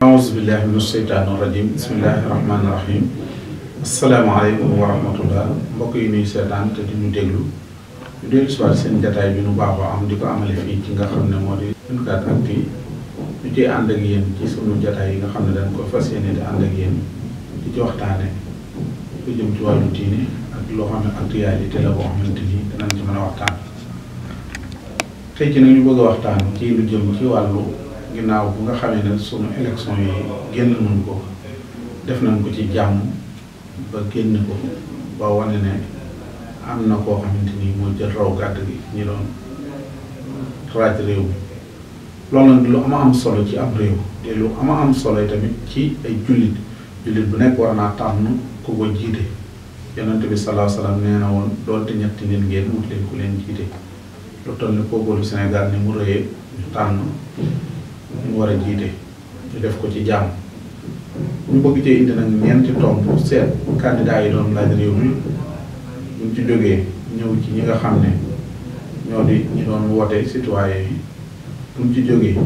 auzu billahi min asheytaani rajim bismillahi rahmaani rahim asalaamaaleykum wa rahmatullah mbokk yi nuy seetaan te di déglu ñu dellu si seen jataay bi nu baaxoo am di ko amale fii ci nga xam ne moo di 24actu yi ñu ciy ànd ak yéen ci sunu jataay yi nga xam ne dañ ko fas yéene di ànd ak yéen di ci waxtaane lu jëm ci wàllu diine ak loo xam ne actualité la boo xamante ni danañ ci mën a waxtaan tey ci nag ñu bëgg a waxtaan ci lu ci wàllu ginnaaw bu nga xamee ne sunu élection yi génn nañ ko def nañ ko ci jàmm ba génn ko ba wane ne am na koo xamante ni moo jël raw gàdd gi ñu doon raaj réew mi loolu nag lu ama am solo ci am réew te lu ama am solo tamit ci ay julit jullit bu nekk war naa tànn ku ko jiite yonente bi salaahu salaam nee na woon doonte ñetti nit ngeen wut leen ku leen jiite lu toll ni kooku lu Sénégal ni mu rëyee ñu ñu war a jiite ñu def ko ci jàmm ñu bëgg cee indi nag ñeenti tomb set seet candidat yi doon laaj réew mi buñ ci jógee ñëw ci ñi nga xam di ñi doon woote citoyen yi buñ ci jógee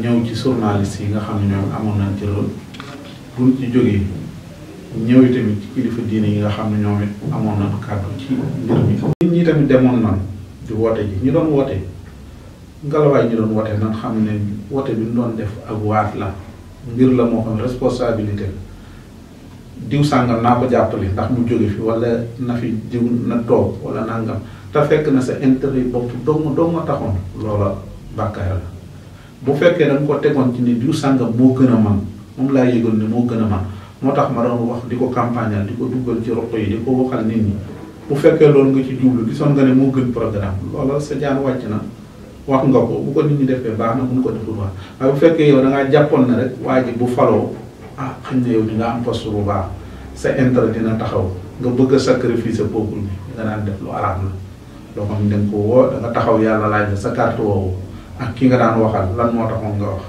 ñëw ci journaliste yi nga xam ne ñoom amoon nañ ci lool buñ ci jógee ñëw tamit ci kilifa diine yi nga xam ne ñoom it amoon nañ kàddu ci mbir mi. nit ñi tamit demoon nañ di woote ji ñu doon woote. ngalawaay ñi doon wote nan xam ne wote bi nu doon def ak waat la ngir la moo xam responsabilité diw sàngam naa ko jàppale ndax mu jóge fi wala na fi diw na toog wala nangam te fekk na sa intérêt bopp dong dong ma taxoon loola bàkkaar la bu fekkee da nga ko tegoon ci ni diw sàngam moo gën a man moom laa yëgal ne moo gën a man moo tax ma doon wax di ko campagnal di ko duggal ci roq yi di ko waxal nit ñi bu fekkee loolu nga ci jublu gisoon nga moo gën programme loola sa jaan na wax nga ko bu ko nit ñi defee baax na mun ko deful baax waaye bu fekkee yow da ngaa jàppoon na rek waa ji bu faloo ah xëy na yow di nga am poste bu baax sa intérêt dina taxaw nga bëgg a sacrifice peuple bi nga naan def lu araam la loo xam ne da nga ko woo da nga taxaw yàlla laaj la sa carte woowu ak ki nga daan waxal lan moo taxoon nga wax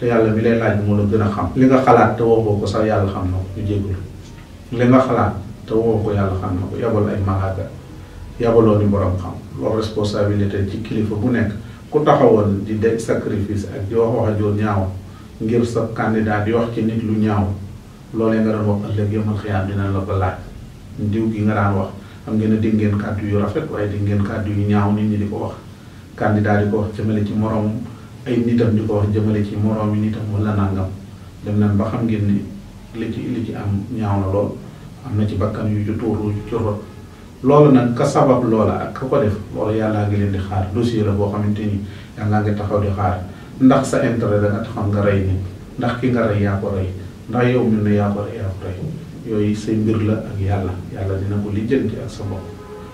te yàlla mi lay laaj moo la gën a xam li nga xalaat te woo ko sax yàlla xam na ko ñu jégalu li nga xalaat te woo ko yàlla xam na ko yabal ay malaaka yabaloo ni borom xam loolu responsabilité ci kilifa bu nekk ku taxawoon di def sacrifice ak di wax wax joo ñaaw ngir sa candidat di wax ci nit lu ñaaw loolee nga doon wax ëllëg yëmal xiyaam dina la ko laaj gi nga daan wax xam ngeen ne di ngeen kàddu yu rafet waaye di ngeen kàddu yu ñaaw nit ñi di ko wax candidat di ko wax jëmale ci moroom ay nitam di ko wax jëmale ci moroom yi nitam wala nangam dem nañ ba xam ngeen ni li ci li ci am ñaaw na lool am na ci bakkan yu ju tuuru yu ci rot loolu nag ka sabab loola ak ka ko def loolu yàllaa ngi leen di xaar dossier la boo xamante ni yàllaa ngi taxaw di xaar ndax sa intérêt da nga taxaw nga rey nit ndax ki nga rey yaa ko rey ndax yow mi ne yaa ko rey yooyu say mbir la ak yàlla yàlla dina ko lijjanti ak sa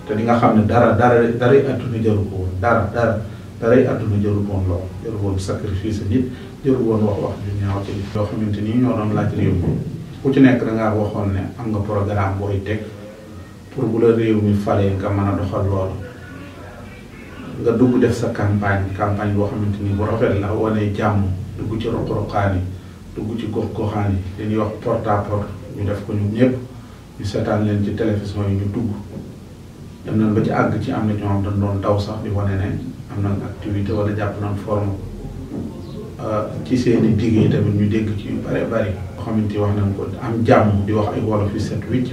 te di nga xam ne dara dara daray àdduna jaru ko woon dara dara daray àdduna jaru woon lool jaru sacrifice nit jaru wax wax ju ñaaw ci xamante ni ñoo doon laaj réew ku ci nekk da ngaa waxoon ne am nga programme pour bu la réew mi falee nga mën a doxal loolu nga dugg def sa campagne campagne boo xamante ni bu rafet la wane jàmm dugg ci roq-roqaan yi dugg ci gox-goxaan yi dañuy wax porte à ñu def ko ñun ñëpp ñu seetaan leen ci télévision yi ñu dugg dem nañ ba ci àgg ci am na ñoo xam dañ doon daw sax di wane ne am nañ activité wala jàpp nañ forme ah, ci seen i digg yi tamit ñu dégg ci yu bare bari. boo xamante wax nañ ko am jàmm di wax ay wolof yu set wicc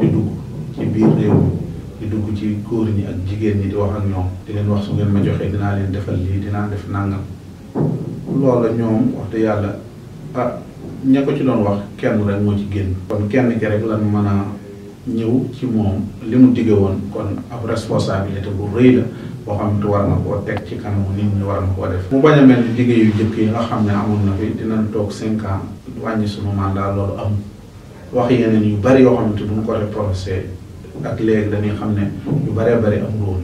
di dugg ci biir réew mi dugg ci góor ñi ak jigéen ñi di wax ak ñoom di leen wax su ngeen ma joxee dinaa leen defal lii dinaa def nàngam loola ñoom wax dëgg yàlla ah ña ko ci doon wax kenn rek moo ci génn. kon kenn ki rek lan mën a ñëw ci moom li mu digge woon kon ab responsabilité bu rëy la boo xam te war na koo teg ci kanamu nit ñi war na koo def. mu bañ mel ni liggéey yu jëkk yi nga xam ne amoon na fi dina toog cinq ans wàññi sunu mandat loolu wax yeneen yu bari yoo xamante bu ñu ko reproché ak léegi dañuy xam ne yu baree bari amul woon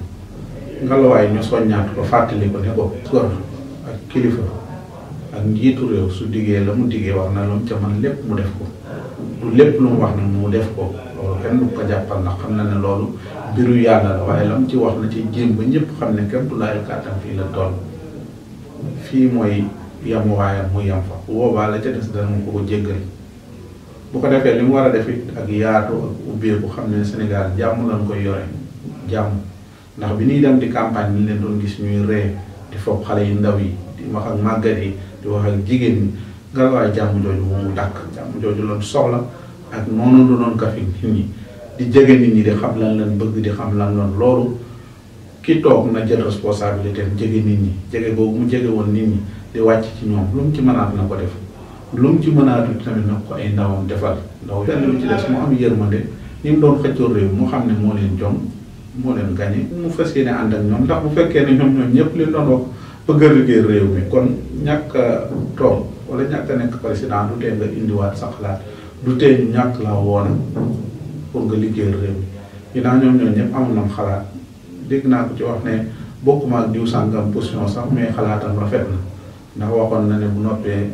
ngelawaay ñu soññaat ko fàttali ko ne ko gor ak kilifa ak njiitu réew su diggee la mu diggee wax na lu mu ca man lépp mu def ko du lépp lu mu wax nag mu def ko loolu kenn du ko jàppal ndax xam na ne loolu mbiru yàlla la waaye la mu ci wax na ci jéem ba ñépp xam ne kenn du laayu kàttan fii la toll fii mooy yam waayam mu yam fa boobaa la ca des bu ko defee li mu war a def it ak yaatu ak ubbee xam ne Sénégal jàmm lañ koy yore jàmm ndax bi ñuy dem di campagne ñu leen doon gis ñuy ree di foog xale yu ndaw yi di wax ak màggat yi di wax ak jigéen ñi ngelawaay jàmm jooju moomu dàkk jàmm jooju lañ soxla ak noonu lu doon kafe nit ñi di jege nit ñi di xam lan lan bëgg di xam lan lan loolu ki toog na jël responsabilité am jege nit ñi jege boobu mu jege woon nit ñi di wàcc ci ñoom lu mu ci mënaat na ko def. lu ci mën a dund tamit na ko ay ndawam defal ndaw benn lu ci des mu am yërmande ni mu doon xëccoo réew mu xam ne moo leen jom moo leen gañe mu fas yéene ànd ak ñoom ndax bu fekkee ne ñoom ñoom ñëpp li doon bëgg liggéey réew mi kon ñàkk a toog wala ñàkk a nekk indiwaat sa xalaat du tee ñu ñàkk laa woon pour nga liggéey réew mi ginnaaw ñoom ñoom ñëpp amul nañ xalaat dégg naa ko ci wax ne ma ak diw sàngam position sax mais xalaatam rafet na ndax waxoon na ne bu noppee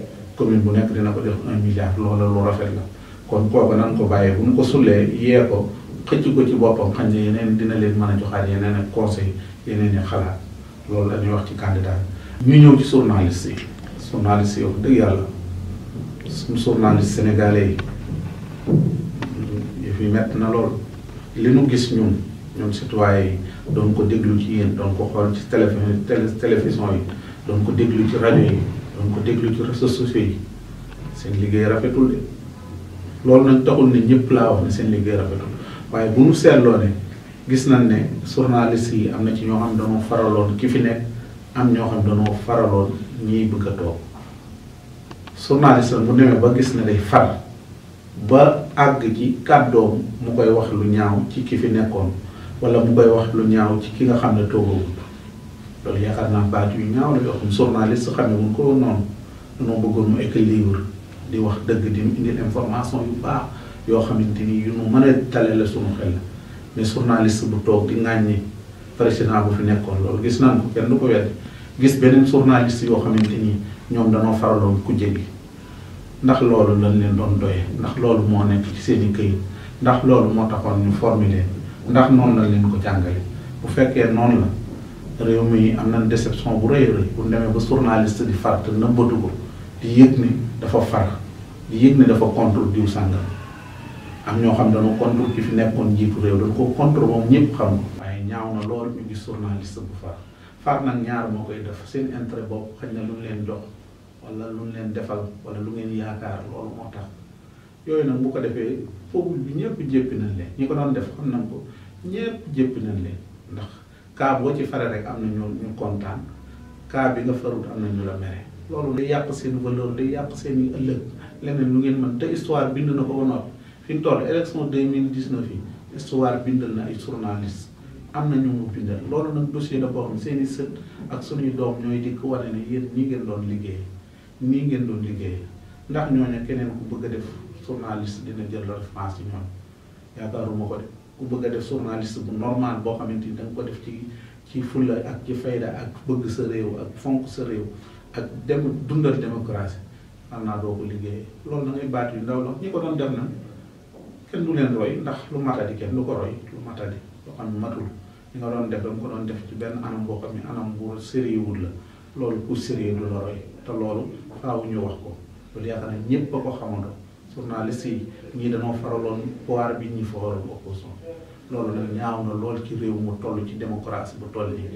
commune bu nekk dina ko def un milliard loola lu rafet la kon kooku nan ko bàyyee bu ñu ko sulee yee ko xëcc ko ci boppam xam ne yeneen dina leen man a joxaat yeneen ak conseil yeneen i xalaat loolu la ñuy wax ci candidat ñu ñëw ci journaliste yi journaliste yi wax dëgg yàlla suñu journaliste sénégalais yi fi mett na lool li mu gis ñun ñun citoyen yi doon ko déglu ci yéen doon ko xool ci téléphone télévision yi doon ko déglu ci rajo yi doon ko déglu ci sa sociaux yi seen liggéey rafetul de loolu nag taxul ne ñëpp laa wax ne seen liggéey rafetul waaye bu ñu seetloo ne gis nañ ne journaliste yi am na ci ñoo xam danoo faraloon ki fi nekk am ñoo xam danoo faraloon ñiy bëgg a toog journaliste la bu demee ba gis ne day far ba àgg ci kàddoom mu koy wax lu ñaaw ci ki fi nekkoon wala mu koy wax lu ñaaw ci ki nga xam ne toogagul loolu yaakaar naa baat yu ñaaw la yoo xam journaliste xamee wuñ ko woon noonu bëggoon mu équilibre di wax dëgg di indil information yu baax yoo xamante ni yu nu mën a tale la sunu xel mais journaliste bu toog di ŋàññi président bu fi nekkoon loolu gis nañ ko kenn du ko wedd gis beneen journaliste yoo xamante ni ñoom danoo faraloon ku jëli ndax loolu lañ leen doon doye ndax loolu moo nekk ci seen i ndax loolu moo taxoon ñu formuler ndax noonu lañ leen ko jàngale bu réew mi am na déception bu rëy rëy bu demee ba journaliste di far te nëbbatu ko di yëg ni dafa far di yëg ni dafa contre diw sàngam am ñoo xam dañu contre ki fi nekkoon jiitu réew dañu ko contre moom ñëpp xam waaye ñaaw na lool ñu gis journaliste bu far far nag ñaar moo koy def seen intérêt bopp xëy na lu ñu leen jox wala lu ñu leen defal wala lu ngeen yaakaar loolu moo tax yooyu nag bu ko defee foofu bi ñëpp jéppi nañ leen ñi ko doon def xam nañ ko ñëpp nañ leen cas boo ci fare rek am na ñu ñu kontaan cas bi nga farut am na ñu la mere. loolu day yàq seen valeur day yàq seen i ëllëg leneen lu ngeen mën te histoire bind na ko ba noppi fi mu toll élection deux mille dix-neuf yi histoire bindal na ay journaliste am na ñu mu bindal loolu nag dossier la boo xam seen i sët ak suñuy doom ñooy dikk wane ne yéen ñii ngeen doon liggéey nii ngeen doon liggéey ndax ñooñu keneen ku bëgg a def journaliste dina jël référence ci ñoom yaakaaruma ko ku bëgg a def journaliste bu normal boo xamante ni da nga ko def ci ci fulla ak ci fayda ak bëgg sa réew ak fonk sa réew ak dem dundal démocratie xam naa doo ko liggéeyee loolu da baat yu ndaw la ñi ko doon def leen roy ndax lu matadi kenn ko roy lu matadi loo xam ne def ci benn anam boo xam ne anam bu sérieux wul la loolu pour sérieux la roy te loolu faaw ñu wax ko loolu yaakaar naa ñëpp a ko xamandoo journaliste yi ñii dañoo faraloon pouvoir bi ñi fawaral opposition loolu nag ñaaw na lool ci réew mu toll ci démocratie bu toll nii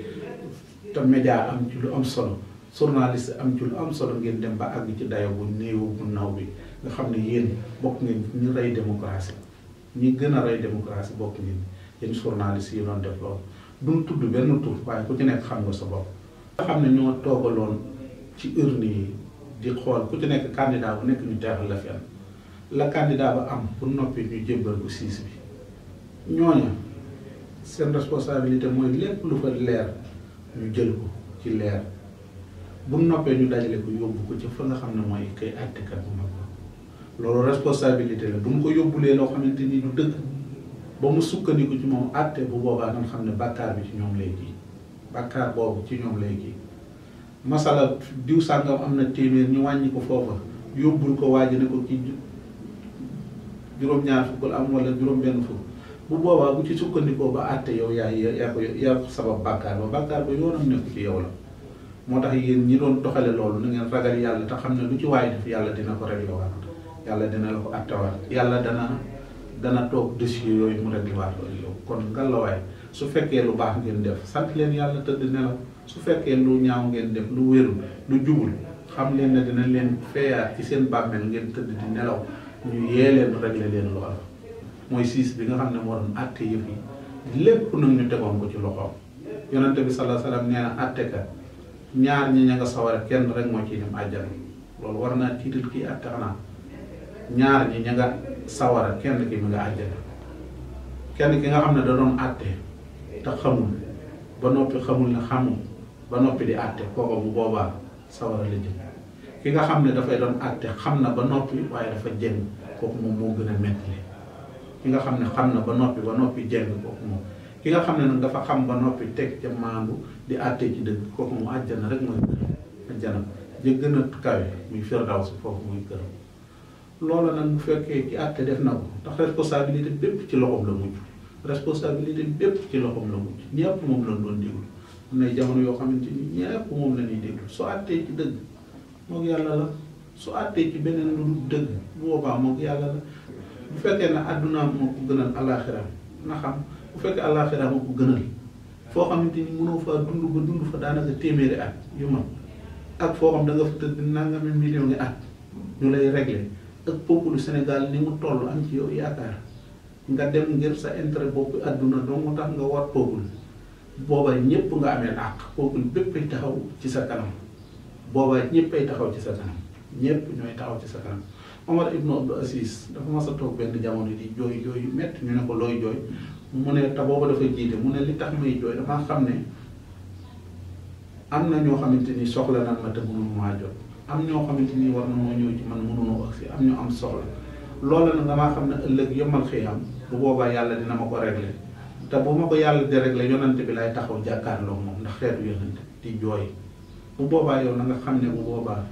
te média am ci lu am solo journaliste am ci lu am solo ngeen dem ba àgg ci dayo bu néewu bu naw bi nga xam ne yéen bokk ngeen ñu rey démocratie ñi gën a rey démocratie bokk ngeen yéen journaliste yi doon def loolu duñ tudd benn tur waaye ci nekk xam nga sa bopp nga xam ne ñoo toogaloon ci urne yi di xool ku ci nekk candidat bu nekk ñu teexal la fenn la candidat ba am pour noppee ñu jébbal ko siis bi ñooña seen responsabilité mooy lépp lu fa leer ñu jël ko ci leer bu noppee ñu dajale ko yóbbu ko ci fa nga xam ne mooy kay àttekat bu mag ko loolu responsabilité la bu ko yóbbulee loo xamante ni du dëkk ba mu sukkandiku ci moom àtte bu boobaa nga xam ne bàkkaar bi ci ñoom lay ji boobu ci ñoom léegi ji masala diw sàngam am na téeméer ñu wàññi ko foofa yóbbul ko waaji ne ko ci juróom-ñaar fukk la am wala juróom-benn fukk bu boobaa bu ci sukkandikoo ba àtte yow yaa yaa ko yaa ko sabab bàkkaar ba bàkkaar ba yoonam nekku ci yow la moo tax yéen ñi doon doxale loolu na ngeen ragal yàlla te xam ne lu ci waay def yàlla dina ko réglewaat yàlla dina la ko àttewaat yàlla dana dana toog dossier yooyu mu réglewaat yow kon ngallaawaay su fekkee lu baax ngeen def sant leen yàlla tëdd nelaw su fekkee lu ñaaw ngeen def lu wéru lu jubul xam leen ne dina leen feeyaat ci seen bàmmeel ngeen tëdd di nelaw ñu yee leen régler leen loola mooy siis bi nga xam ne moo doon àtte yëf yi lépp nag ñu tegoon ko ci loxoom yonente bi salaa salaam nee na àtte ka ñaar ñi ña nga sawara kenn rek moo ciy dem àjjana loolu naa tiital kii àtte ñaar ñi ña nga sawara kenn ki mu nga àjjana kenn ki nga xam ne da doon àtte te xamul ba noppi xamul ne xamul ba noppi di àtte kooku bu boobaa sawara la jëm ki nga xam ne dafay doon àtte xam na ba noppi waaye dafa jëng kooku moom moo gën a metti ki nga xam ne xam na ba noppi ba noppi jëng kooku moom ki nga xam ne nag dafa xam ba noppi teg ca maandu di àtte ci dëgg kooku moom àjjana rek mooy àjjana ja gën a kawe muy firdaws foofu muy këram loola nag bu fekkee ci àtte def na ko ndax responsabilité bépp ci loxoom la mujj responsabilité bépp ci loxoom la mujj ñëpp moom lañ doon déglu am na jamono yoo xamante ni ñëpp moom la ñuy déglu soo àttee ci dëgg moog yàlla la su àttee ci beneen lu dul dëgg bu boobaa moog yàlla la bu fekkee na àddunaam moo ko gënal alaaxiraam na xam bu fekkee alaaxiraam moo ko gënal foo xam xamante ni mënoo faa dund ba dund fa daanaka téeméeri at yu mag ak foo xam da nga fa tëdd nangami million ngi at ñu lay régler ak populu Sénégal ni mu toll am ci yow yaakaar nga dem ngir sa intérêt bopp àdduna dong mu tax nga war popul booba ñépp nga amee àq popul bépp taxaw ci sa kanam boobaa ñëppay taxaw ci sa kanam ñëpp ñooy taxaw ci sa kanam Omar ibnu Abdou Aziz dafa mas a toog benn jamono di jooy jooy met métti ñu ne ko looy jooy mu ne te booba dafa jiite mu ne li tax may jooy dama xam ne am na ñoo xamante ni soxla nan ma te mënu maa jot am ñoo xamante ni war na moo ñëw ci man mënunoo agsi am ñu am soxla loola nag damaa xam ne ëllëg yëmal xëyam bu boobaa yàlla dina ma ko réglé te bu ma ko yàlla di réglé yonante bi laay taxaw jàkkaarloo moom ndax xeetu yonante di jooy bu boobaa yow na nga xam ne bu boobaa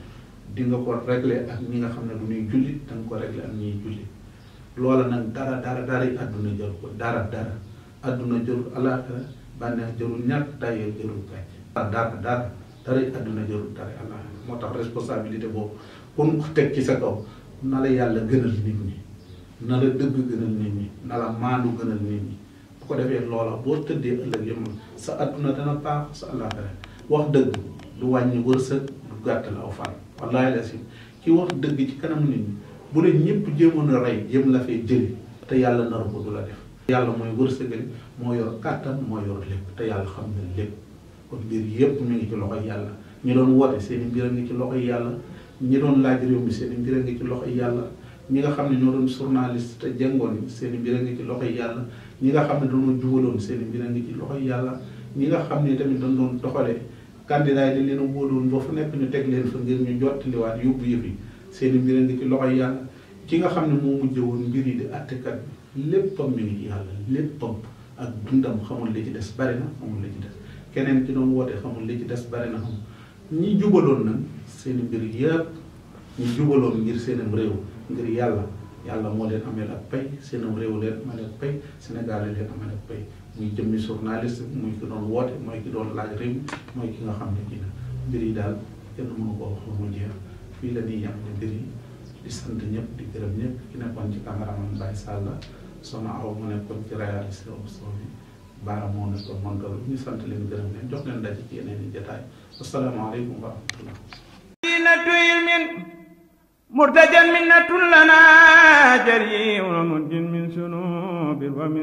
di nga ko régler ak ñi nga xam ne bu ñuy jullit da ko régler ak ñuy jullit loola nag dara dara dara yi àdduna jëru ko dara dara àdduna jërul alaxira bànneex jërul ñàkk tayel jërul gàcc dara dara dara yi àdduna jërul moo tax responsabilité boobu kon ko teg ci sa kaw na la yàlla gënal nit ñi na la dëgg gënal nit ñi na la maandu gënal nit ñi bu ko defee loola boo tëddee ëllëg yëmal sa àdduna dana baax sa alaxira wax dëgg du wàññi wërsëg du la aw fan wallaahi la si ki wax dëgg ci kanam nit ñi bu leen ñëpp jéemoon a rey jéem la fee jëli te yàlla naru ko du la def yàlla mooy wërsëgal moo yor kàttan moo yor lépp te yàlla xam na lépp kon mbir yépp mi ngi ci loxoy yàlla ñi doon woote seen i mbir a yàlla ñi doon laaj réew mi seen i mbir a ngi ci loxoy yàlla ñi nga xam ne ñoo doon journaliste te jàngoon seen i mbir a ngi ci loxoy yàlla ñi nga xam ne dañoo jubaloon seen i mbir a ngi ci loxo yàlla ñi nga xam ne tamit dañ doon candidat yi dañ leen a wóoloon ba nekk ñu teg leen fa ngir ñu jottaliwaat yóbbu yëf yi seen i mbir ngi ci loxoy yàlla ki nga xam ne moo mujj woon mbir yi di àttekat bi léppam mi ngi ci yàlla léppam ak dundam xamul li ci des bari xamul li ci des keneen ci doon woote xamul li ci des bari na xamul ñi jubaloon nag seeni i mbir yëpp ñi jubaloon ngir seenam réew ngir yàlla yàlla moo leen ameel ak pay seenam réew leen ameel ak pay Sénégal leen ameel ak pay muy jëmmi journaliste bi muy ki doon woote mooy ki doon laaj réew mooy ki nga xam ne kii daal kenn mënu koo wax lu mu jeex fii la ñuy yem ne mbir yi di sant ñëpp di gërëm ñëpp ki nekkoon ci caméraman Baye Sall soxna Awa mu nekkoon ci réalisation bi Baara moo nekkoon montoor ñu sant leen gërëm leen jox leen daje ci yeneen i jotaay asalaamaaleykum wa rahmatullah مرتجا منة لنا جريء ومد من سنوب ومن